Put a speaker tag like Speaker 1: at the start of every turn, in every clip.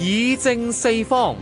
Speaker 1: 議政四方。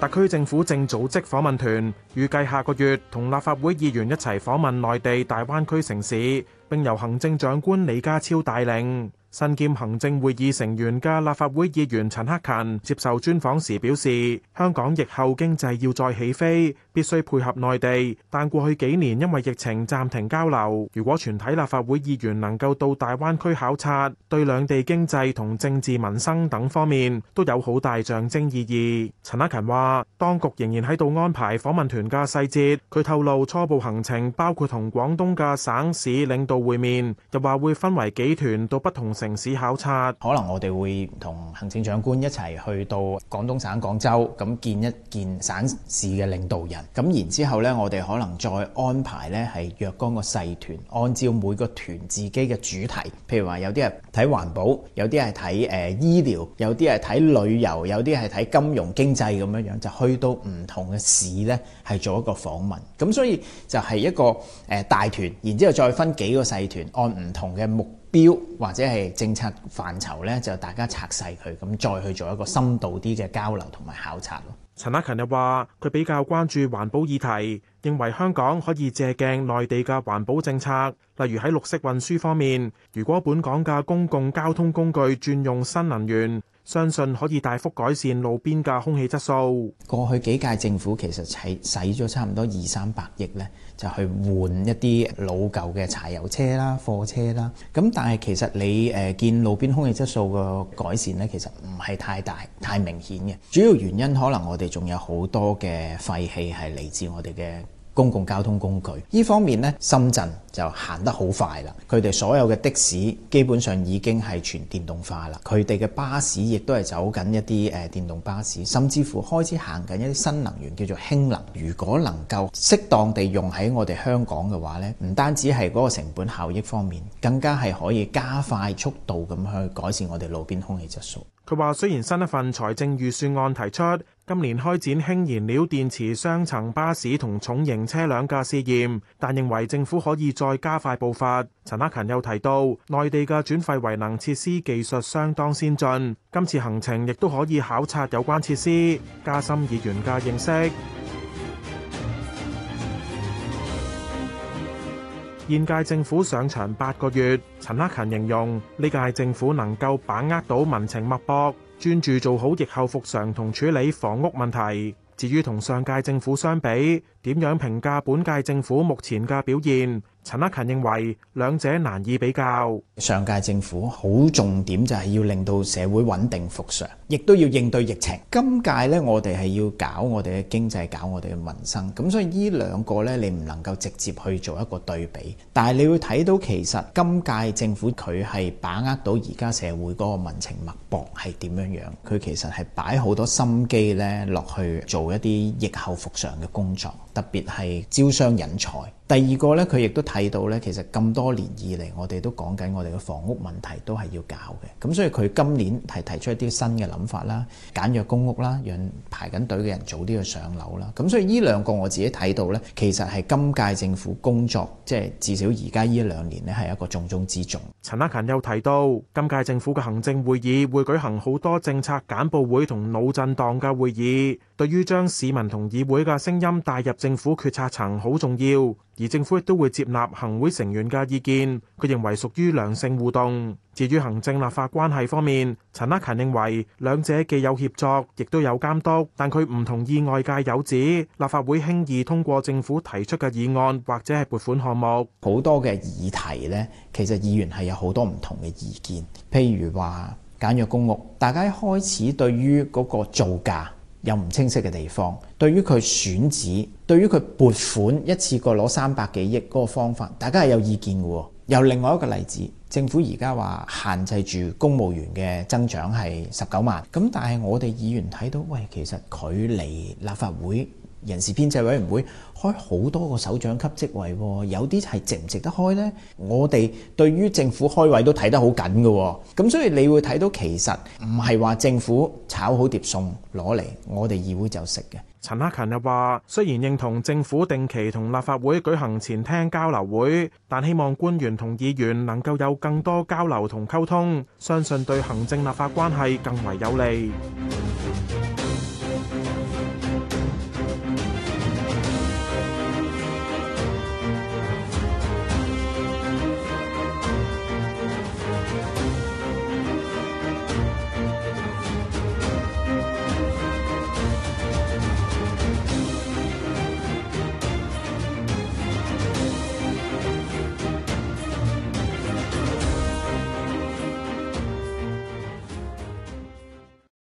Speaker 1: 特區政府正組織訪問團，預計下個月同立法會議員一齊訪問內地大灣區城市，並由行政長官李家超帶領。身兼行政會議成員嘅立法會議員陳克勤接受專訪時表示，香港疫後經濟要再起飛，必須配合內地。但過去幾年因為疫情暫停交流，如果全體立法會議員能夠到大灣區考察，對兩地經濟同政治民生等方面都有好大象徵意義。陳克勤話，當局仍然喺度安排訪問團嘅細節。佢透露初步行程包括同廣東嘅省市領導會
Speaker 2: 面，又話會分為幾團到不同城市考察，可能我哋會同行政長官一齊去到廣東省廣州，咁見一見省市嘅領導人。咁然之後咧，我哋可能再安排咧係若干個細團，按照每個團自己嘅主題，譬如話有啲係睇環保，有啲係睇誒醫療，有啲係睇旅遊，有啲係睇金融經濟咁樣樣，就去到唔同嘅市咧，係做一個訪問。咁所以就係一個誒大團，然之後再分幾個細團，按唔同嘅目標或者係政策範疇咧，就大家拆細佢，咁再去做一個深度啲嘅交流同埋考察咯。
Speaker 1: 陳克勤又話：佢比較關注環保議題，認為香港可以借鏡內地嘅環保政策，例如喺綠色運輸方面，如果本港嘅公共交通工具轉用新能源。
Speaker 2: 相信可以大幅改善路邊嘅空氣質素。過去幾屆政府其實使使咗差唔多二三百億咧，就去換一啲老舊嘅柴油車啦、貨車啦。咁但係其實你誒、呃、見路邊空氣質素個改善咧，其實唔係太大、太明顯嘅。主要原因可能我哋仲有好多嘅廢氣係嚟自我哋嘅。公共交通工具呢方面呢，深圳就行得好快啦。佢哋所有嘅的，的士基本上已經係全電動化啦。佢哋嘅巴士亦都係走緊一啲誒電動巴士，甚至乎開始行緊一啲新能源叫做氫能。如果能夠適當地用喺我哋香港嘅話，呢唔單止係嗰個成本效益方面，更加係可以加快速度咁去改善我哋路邊空氣質素。佢話
Speaker 1: 雖然新一份財政預算案提出，今年開展氫燃料電池雙層巴士同重型車輛嘅試驗，但認為政府可以再加快步伐。陳克勤又提到，內地嘅轉廢為能設施技術相當先進，今次行程亦都可以考察有關設施，加深議員嘅認識。現屆政府上場八個月，陳克勤形容呢屆政府能夠把握到民情脈搏，專注做好疫後復常同處理房屋問題。至於同上屆政府相比，點樣評價本屆政府目前嘅表現？陳克勤認為兩者
Speaker 2: 難以比較。上屆政府好重點就係要令到社會穩定復常，亦都要應對疫情。今屆咧，我哋係要搞我哋嘅經濟，搞我哋嘅民生。咁所以呢兩個咧，你唔能夠直接去做一個對比。但係你會睇到，其實今屆政府佢係把握到而家社會嗰個民情脈搏係點樣樣。佢其實係擺好多心機咧，落去做一啲疫後復常嘅工作，特別係招商引才。第二個咧，佢亦都睇到咧，其實咁多年以嚟，我哋都講緊我哋嘅房屋問題都係要搞嘅。咁所以佢今年係提出一啲新嘅諗法啦，簡約公屋啦，讓排緊隊嘅人早啲去上樓啦。咁所以呢兩個我自己睇到咧，其實係今屆政府工作，即係至少而家呢兩年呢，係一個重中之重。
Speaker 1: 陳克勤又提到，今屆政府嘅行政會議會舉行好多政策簡報會同腦震盪嘅會議，對於將市民同議會嘅聲音帶入政府決策層好重要。而政府亦都會接納行會成員嘅意見，佢認為屬於良性互動。至於行政立法關係方面，陳克勤認為兩者既有協作，亦都有監督，但佢唔同意外界有指立法會輕
Speaker 2: 易通過政府提出嘅議案或者係撥款項目。好多嘅議題呢，其實議員係有好多唔同嘅意見，譬如話簡約公屋，大家一開始對於嗰個造價，有唔清晰嘅地方，對於佢選址，對於佢撥款一次過攞三百幾億嗰個方法，大家係有意見嘅喎。又另外一個例子，政府而家話限制住公務員嘅增長係十九萬，咁但係我哋議員睇到，喂，其實距離立法會人事編制委員會開好多個首長級職位，有啲係值唔值得開呢？我哋對於政府開位都睇得好緊嘅，咁所以你會睇到其實唔係話政府炒好碟餸攞嚟，我哋議會就食嘅。
Speaker 1: 陳克勤又話：雖然認同政府定期同立法會舉行前廳交流會，但希望官員同議員能夠有更多交流同溝通，相信對行政立法關係更為有利。